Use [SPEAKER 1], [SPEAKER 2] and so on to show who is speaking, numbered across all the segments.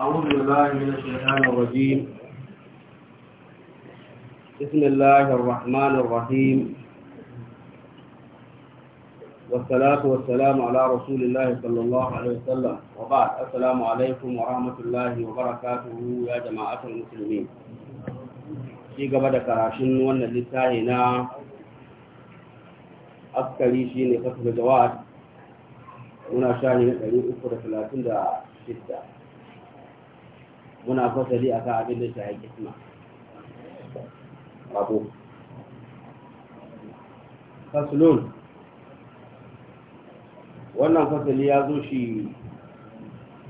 [SPEAKER 1] أعوذ بالله من الشيطان الرجيم بسم الله الرحمن الرحيم والصلاة والسلام على رسول الله صلى الله عليه وسلم وبعد السلام عليكم ورحمة الله وبركاته يا جماعة المسلمين في قبل كراشن وانا لساهنا أفكري شيني فصل الجواد muna sha ne na 336 muna fasali a kan abin da ta yi kisma abu fasulun wannan fasali ya zo shi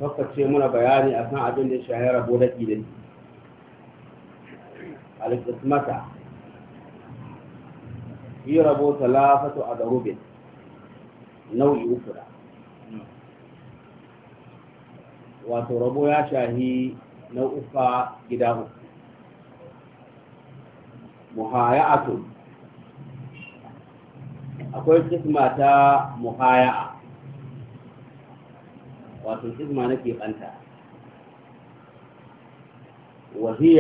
[SPEAKER 1] fakkace muna bayani a kan abin da ya shahara rabo da ƙidin alƙismata yi rabo talafatu a darubin nau'i uku da wato rabo ya shahi نوفا جداه مهاية أكل أقول تسمى تا مهاية وأقول تسمى نكي أنت وهي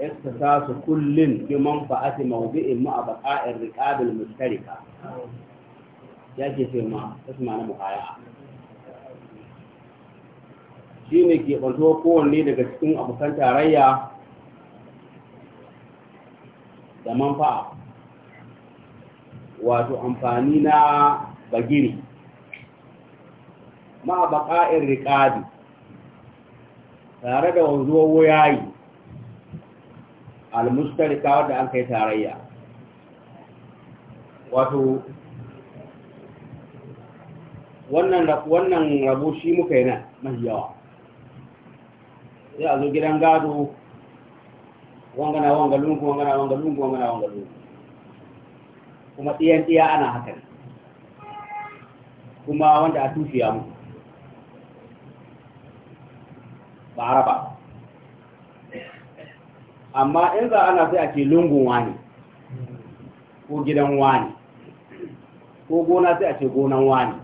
[SPEAKER 1] اختصاص كل بمنفعة موضع مع بقاء الركاب المشتركة يجي في ما تسمى مهاية Shi ne ke kwanto kowanne daga cikin abokan tarayya da manfa'a wato amfani na bagiri ma baƙa'in riƙadi tare da wanzuwar wuyayi almustarika wadda an kai tarayya wato wannan rabu shi muka yi nan mafi yawa sai a zo gidan gado wangana wanga lungu wangana wanga lungu wangana wanga lungu kuma ɗiyan ɗiya ana haka kuma wanda a tufi tufiya mu ba araba amma in za ana sai a ce lungun wani ko gidan wani ko gona sai a ce gonan wani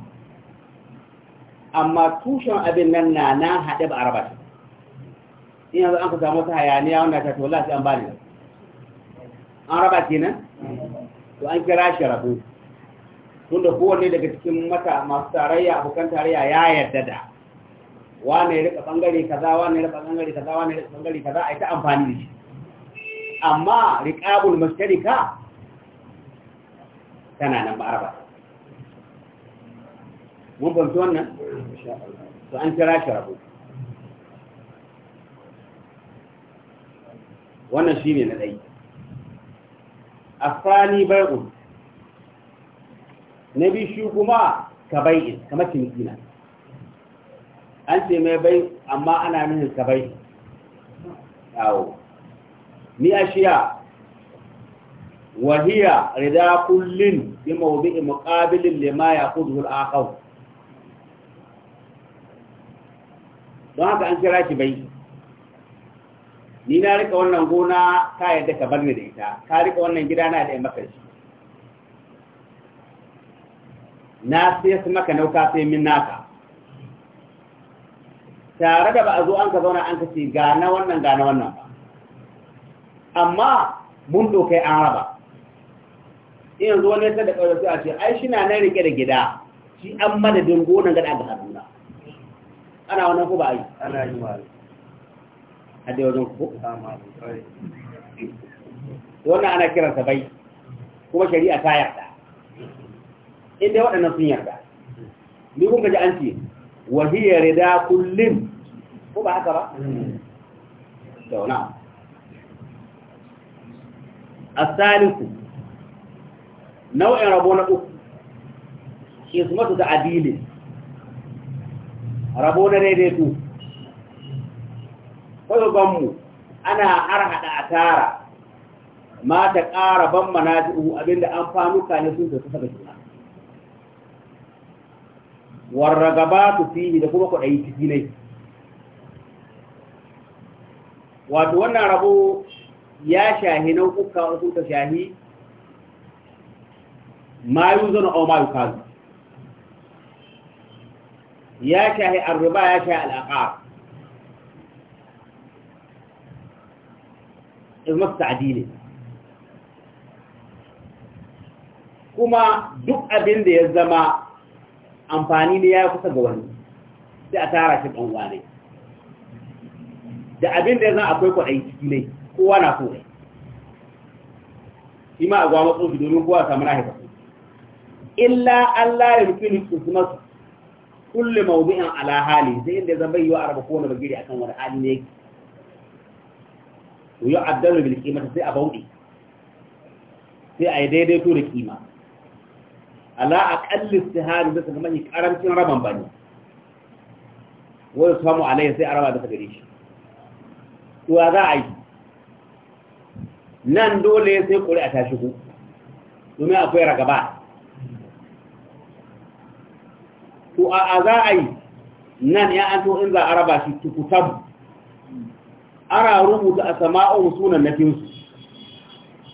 [SPEAKER 1] amma tushen abin nan na nan haɗe ba araba in yanzu an ku samu wata hayaniya wanda ta tola sai an bani an raba kenan to an kira shi rabu tunda kowanne daga cikin mata masu tarayya abokan tarayya ya yarda da wane ya rika bangare kaza wane ya rika bangare kaza wane ya rika bangare kaza a ita amfani da shi amma riƙabul mashtarika tana nan ba raba mun fahimci wannan to an kira shi rabu wannan shi ne na ɗai asali bai'un na bi shi kuma ka bai'in kamar cinikina an ce mai bai amma ana nuhin ka bai yawo ni a ashiya wahiya rida kullin bi mawdi'i muqabilin lima yaqudhu al-akhar don haka an kira shi bai ni na rika wannan gona ka yadda ka bar ni da ita ka rika wannan gida na da maka shi na sai su maka nauka sai min naka tare da ba a zo an ka zauna an ka ce ga na wannan ga na wannan ba amma mun dokai an raba in zo ne yasa da kawai sai a ce ai shi na nan rike da gida shi an madadin gonan gada ga haruna ana wannan ko ba a yi ana yi a da wajen ku wannan ana kiransa bai kuma shari'a ta yarda in dai waɗannan sun yarda ni kun gaji an ce wahiyar rida kullum ko ba haka ba dauna Salisu, nau'in rabo na uku ismatu da adilin rabo na daidaitu kaga ana har hada a tara ma ta ƙara ban ji'u abinda an fanuka ne sun Warra saka juna fi fihi da kuma kuɗayi ciki ne wato wannan rabo ya shahi nau'uka wasu ta shahi ma yi zana o ma yi kazu ya shahi arriba ya shahi al'aƙar masu ne kuma duk abin da ya zama amfani ne ya kusa ga wani sai a tara shi ɗanwa ne da abin da ya zama akwai kwaɗayi ciki ne kowa na so shi ma a gwa matsofi domin kowa samu na haifafi illa Allah ya rufe ni kusurmasu kulle mawubi'in ala hali zai inda zama yi wa arba kowane bagiri akan wani hali ne yake to yi addalu bil qimati sai a bauɗe sai a yi daidaito da kima ala aqalli istihari da kuma yi karancin raban bane wanda samu alayhi sai a raba da gare shi to za a yi nan dole sai a ta shigo domin akwai ragaba to a za a yi nan ya an to in za a raba shi tukutab ana rubuta a sama'un sunan nafinsu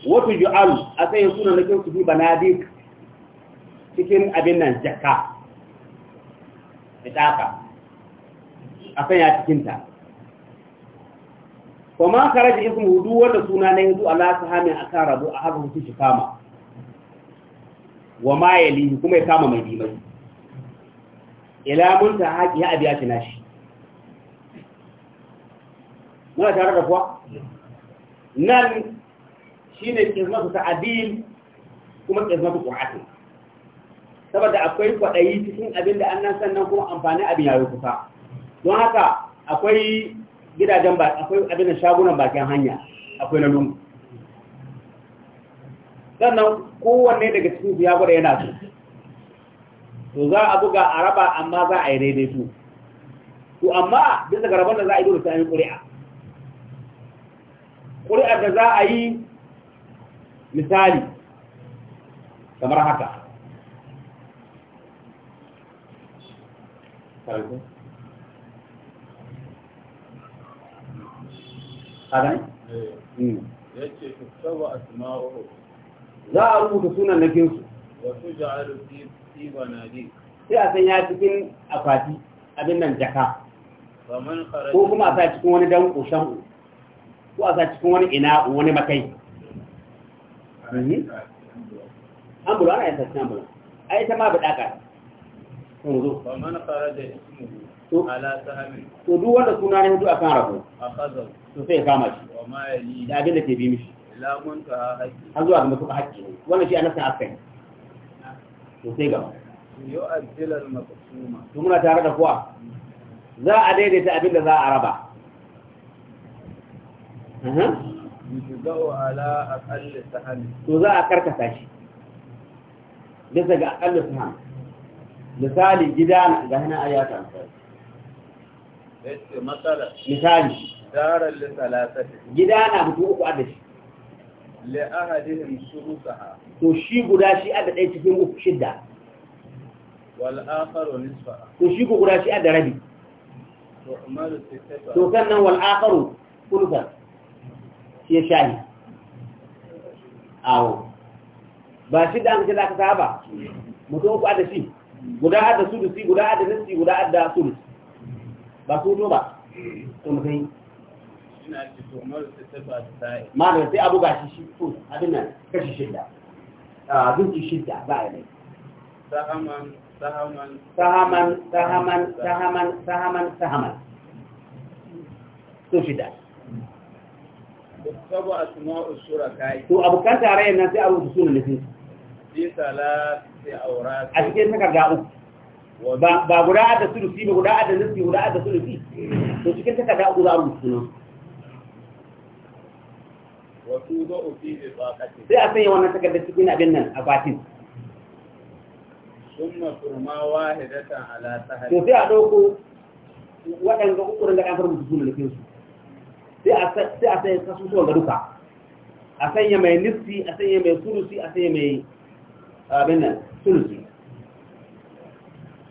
[SPEAKER 1] wata ju'al a tsayin sunan nafinsu fi banadik cikin abin nan jaka fitaka a sanya cikinta kuma kare da ismu hudu wanda suna na yanzu Allah ta hamin a kan rabu a haka hutu shi kama wa ma ya lihi kuma ya kama mai limai ila mun ta haƙi ya abiya shi nashi muna tare da kuwa nan shi ne ƙizmatu ta'adil kuma ƙizmatu ƙwa'atin saboda akwai kwaɗayi cikin abin da nan sannan kuma amfani abin ya kusa don haka akwai gidajen ba akwai abin da shagunan bakin hanya akwai na lungu sannan kowanne daga cikin su ya gwada yana so to za a buga a raba amma za a yi daidaito to amma bisa ga rabon da za a yi dole sai an yi ƙuri'a ƙuri'ar da za a yi misali kamar haka eh. mm. za a rubuta sunan na kinsu wasu ja'aru na banadi sai a sanya cikin akwati abin nan jaka ko kuma a sa cikin wani dan shamu ko a cikin wani ina wani makai ambulu ana yasa cikin ai ta ma bidaka kun zo ba mana fara da ismu ala to duk wanda suna ne hudu akan rabu akaza to kama shi da abin ke bi mishi ka haƙi har zuwa ga haƙi wannan shi gaba to muna tare da kuwa za a daidaita abin da za a raba yujza'u ala aqalli to za a karkata shi bisa ga aqalli hannu. misali gida ga hana ayata yace misali darar gida na mutu uku adashi li ahadihim surusaha to shi guda shi ada ɗaya cikin uku shidda wal nisfa to shi guda shi ada rabi to amalu sittatu to sannan shi ya shahi awo ba shi da amince za ka saba mutum uku da shi guda da su si guda da nasi guda da su ba su to ba to ma sai abu ga shi shi abin nan kashi shidda a zuci shidda ba ya ne sahaman sahaman sahaman sahaman sahaman sahaman Uktaba asma'u shuraka. To abokan tarayyar nan sai a rubuta sunan nufin su. salati awrati. A cikin takarda uku. Ba guda adda sulusi ba guda adda nufi guda adda sulusi. To cikin takarda uku za a rubuta sunan. Sai a sanya wannan takardar cikin abin nan a batin. Summa turma wahidatan ala sahari. To sai a ɗauko waɗanda ukurin da ƙasar mutu sunan nufin su. sai a sanya kasusuwan ga duka a sanya mai nisti a sanya mai sulusi a sanya mai abin nan sulusi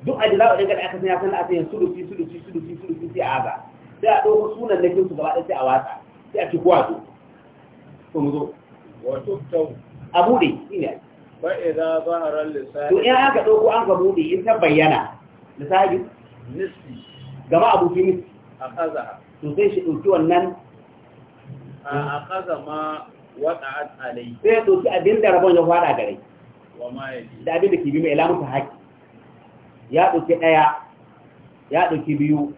[SPEAKER 1] duk a jira wadanda kada aka sanya sannan a sanya sulusi sulusi sulusi sulusi sai a aza sai a ɗauko sunan da kinsu gaba ɗaya sai a watsa sai a ci su ko mu zo wato tau a buɗe shi ne ba a zaharar lissafi to in aka ɗauko an ka buɗe in ta bayyana lissafi nisti gama abu fi a kaza to sai shi ɗauki wannan a akaza ma waqa'at alai sai doki abin da rabon ya fara gare wa ma da abin da ke bi mai lamun ta ya ɗauki ɗaya, ya ɗauki biyu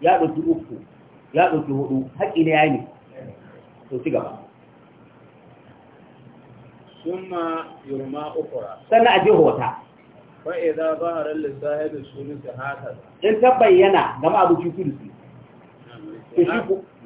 [SPEAKER 1] ya ɗauki uku ya doki hudu haki ne yayi to ci gaba summa yurma ukura sannan aje hota fa'iza ba a ran lissahibin sunusi haka in ta bayyana gama abu cutu da su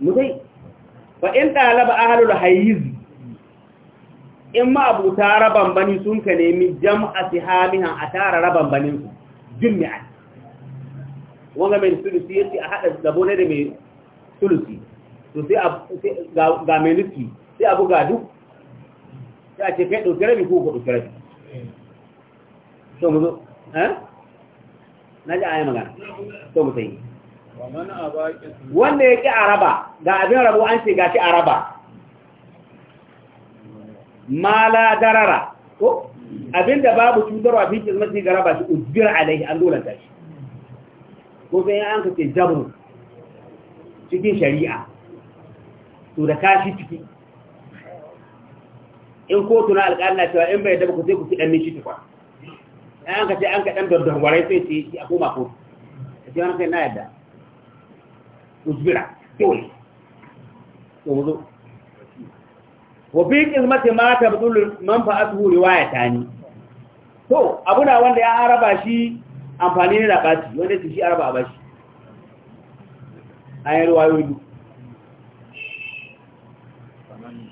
[SPEAKER 1] mutai fa in ɗalaba ahalul hayiz in ma abuta raban bani sun ka nemi jam'a sihamihan a tara raban bani su jummi'a wanga mai sulusi yace a hada gabo ne da mai sulusi to sai ga mai nufi sai abu ga duk sai a ce kai ɗauki rabi ko ku ɗauki rabi so mu zo eh na ji a yi magana so mu sai wanda ya ƙi araba ga abin rabu an ce gashi araba mala darara ko da babu cutarwa fi kismati ga raba shi uzbir alaihi an ta shi ko sai an ka ce jabu cikin shari'a to da kashi ciki in kotu na alƙalina cewa in bai daba ku sai ku fi ɗan nishi tukwa an ka ce an ka ɗan dardarware sai sai ce a koma kotu a ce wani kai na yadda uzbira dole tsoro wa fi qismati ma tabdul manfa'atuhu riwayatani to abuna wanda ya araba shi amfani ne da baci wanda shi araba ba shi ayi riwayoyi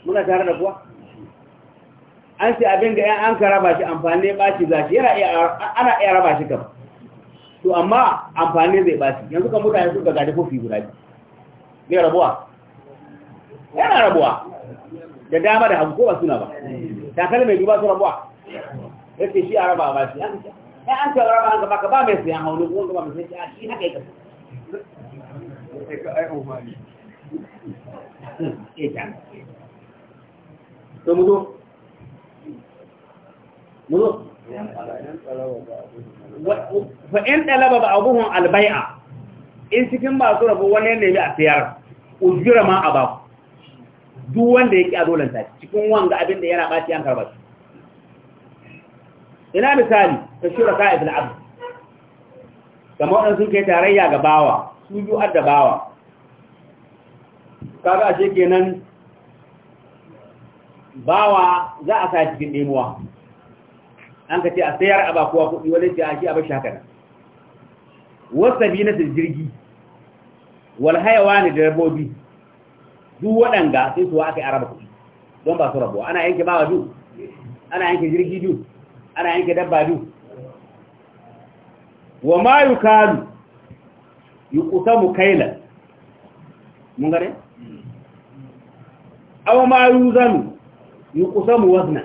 [SPEAKER 1] muna tare da kuwa an ce abin ga yan an karaba shi amfani shi zashi yana ana iya raba shi kama. to amma amfani zai shi, yanzu kan mutane ga gaji kofi guda biyu bai rabuwa
[SPEAKER 2] yana rabuwa
[SPEAKER 1] da dama da hagu ba suna ba takalin mai duba su rabuwa ya ce shi a raba ba shi ya an ce raba an gaba ka ba mai sayan haulu ko gaba mai sayan shi haka yake eh, to mu zo mu zo fa in talaba ba'dhum al in cikin masu rabu wani ya nemi a siyar ujira ma a baku duk wanda ya ƙi a ta cikin wanga abin da yana ɓaci an karɓar ina misali ta shura ka ibn abu kamar waɗanda sun kai tarayya ga bawa su biyu adda bawa kaga ashe kenan bawa za a sa cikin nemuwa an ka ce a sayar a bakuwa kuɗi wani ce a shi a bashi haka nan wasa biyu na jirgi wal hayawani da dabbobi duk waɗanga sai su aka araba kuɗi don ba su rabo. ana yanke bawa du ana yanke jirgi du ana yanke dabba du wa ma yukalu yuqtamu kaila mun gare aw ma yuzan yuqtamu wazna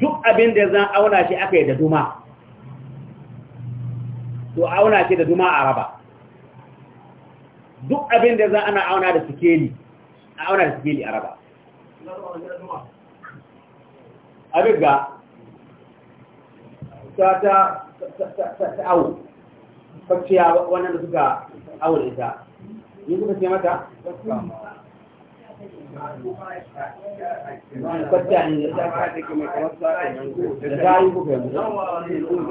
[SPEAKER 1] duk abin da zan auna shi aka yi da duma to auna shi da duma araba duk abin da za ana auna da sikeli a auna da sikeli a raba abin ga ta ta ta awo kwaciya wannan da suka awo da ita yi suka ce mata kwaciya ne da ta yi kuka yanzu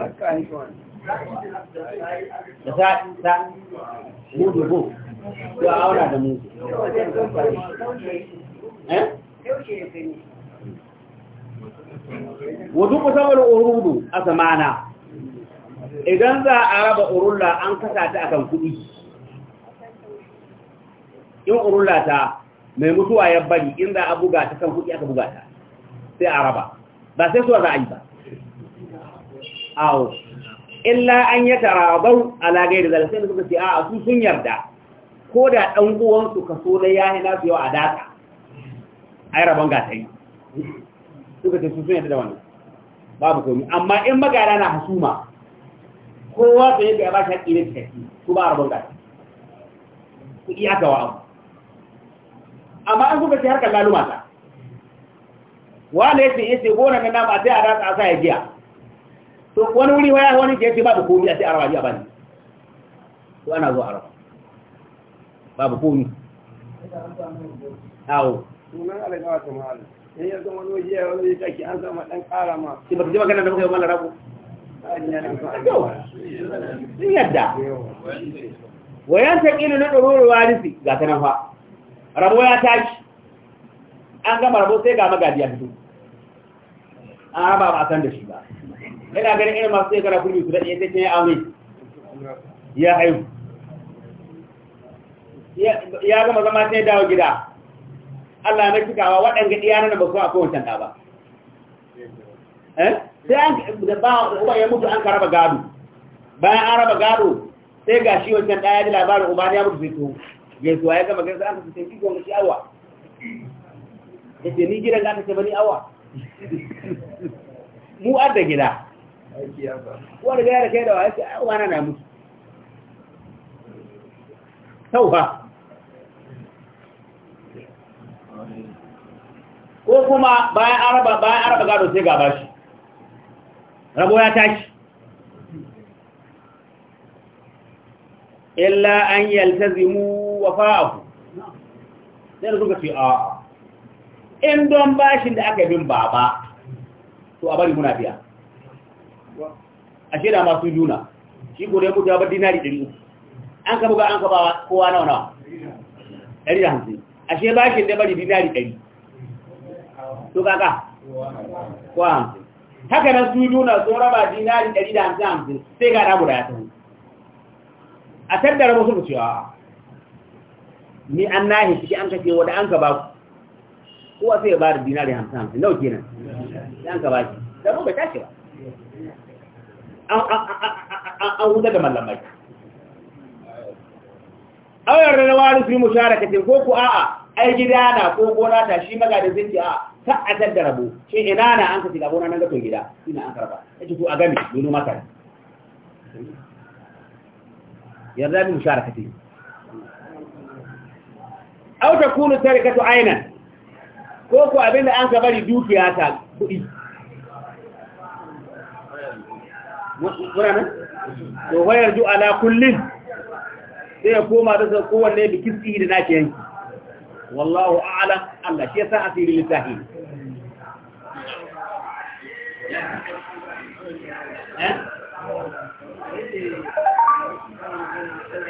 [SPEAKER 1] da ta ta ya aura da mu eh? wudu musamman urudu a zamana idan za a raba urulla an kasa ta akan kudi in urulla ta mai mutuwa ya bari in za a buga ta kan kudi aka buga ta sai a raba ba sai suwa za a yi ba awo illa an yi tarabau ala gairi zalasin suka ce a su sun yarda ko da ɗan uwansu kaso da ya yi su yau a data ai rabon yi suka ce su sun yadda da wannan babu komi amma in magana na hasuma kowa su yi ya ba shi haƙi ne tafi su ba rabon gata ku iya gawa abu amma an suka ce har laluma ta wanda yake yake gona na nama sai a data a sa ya giya to wani wuri waya wani ke yake ce babu komi a sai a rawa a bani to ana zuwa a babu komi awo sunan alagawa ta malam in ya zama wani waje wani waje an zama dan kara ma ki baka ji magana da muka yi rabu sun yadda wayan ta kila na ɗororo warisi ga ta nan fa rabo ya tashi an gama rabo sai ga magadi ya fito an raba ba a san da shi ba ina ganin irin masu sai gara kurmi su daɗe sai ya aure ya haihu ya gama zama sai dawo gida Allah na cikawa waɗanda ɗiyana na basu a kowace ta ba eh? sai an da ba uba ya mutu an karaba gado bayan an raba gado sai ga shi wancan ɗaya ji labarin uba ya mutu sai to gaisuwa ya gama gaisuwa an ka sai kigon shi awa ya ce ni gidan da aka ce bani awa mu adda gida wani gaya da kai da wa ya ce awa na na mutu tauba ko kuma bayan araba bayan araba gado sai ga bashi rabo ya tashi illa an yaltazimu wafa'ahu sai suka ce a in don bashin da aka bin baba to a bari muna biya a sheda masu juna shi gure mutu ya bar dinari 300 an ka buga an ka bawa kowa nawa nawa ɗari da hamsin ashe bashin da bari dinari ɗari to kaka kowa hamsin haka nan su nuna sun raba dinari ɗari da hamsin hamsin sai ga na guda ya tafi a tattara musu da cewa ni an nahi shi an kace wanda an ka ba ku kowa sai ya ba da dinari hamsin hamsin nau kenan an ka ba shi da ba tashi ba an huta da mallamai auyar da wani fi musharakatin ko ku a'a ai gida na ko gona ta shi maga da zai a ta da rabo shi ina na an ka shiga gona nan gida ina an karba Ya ce ku a gami nuno maka yarda bi musharakatin aw ka tarikatu aina? ko ku abin da an ka bari dukiya ta kudi murana to wayar ju'ala kullum kullin sai ya koma da kowanne bi kiski da nake yanki wallahu a'lam Allah shi yasa asiri lisahi eh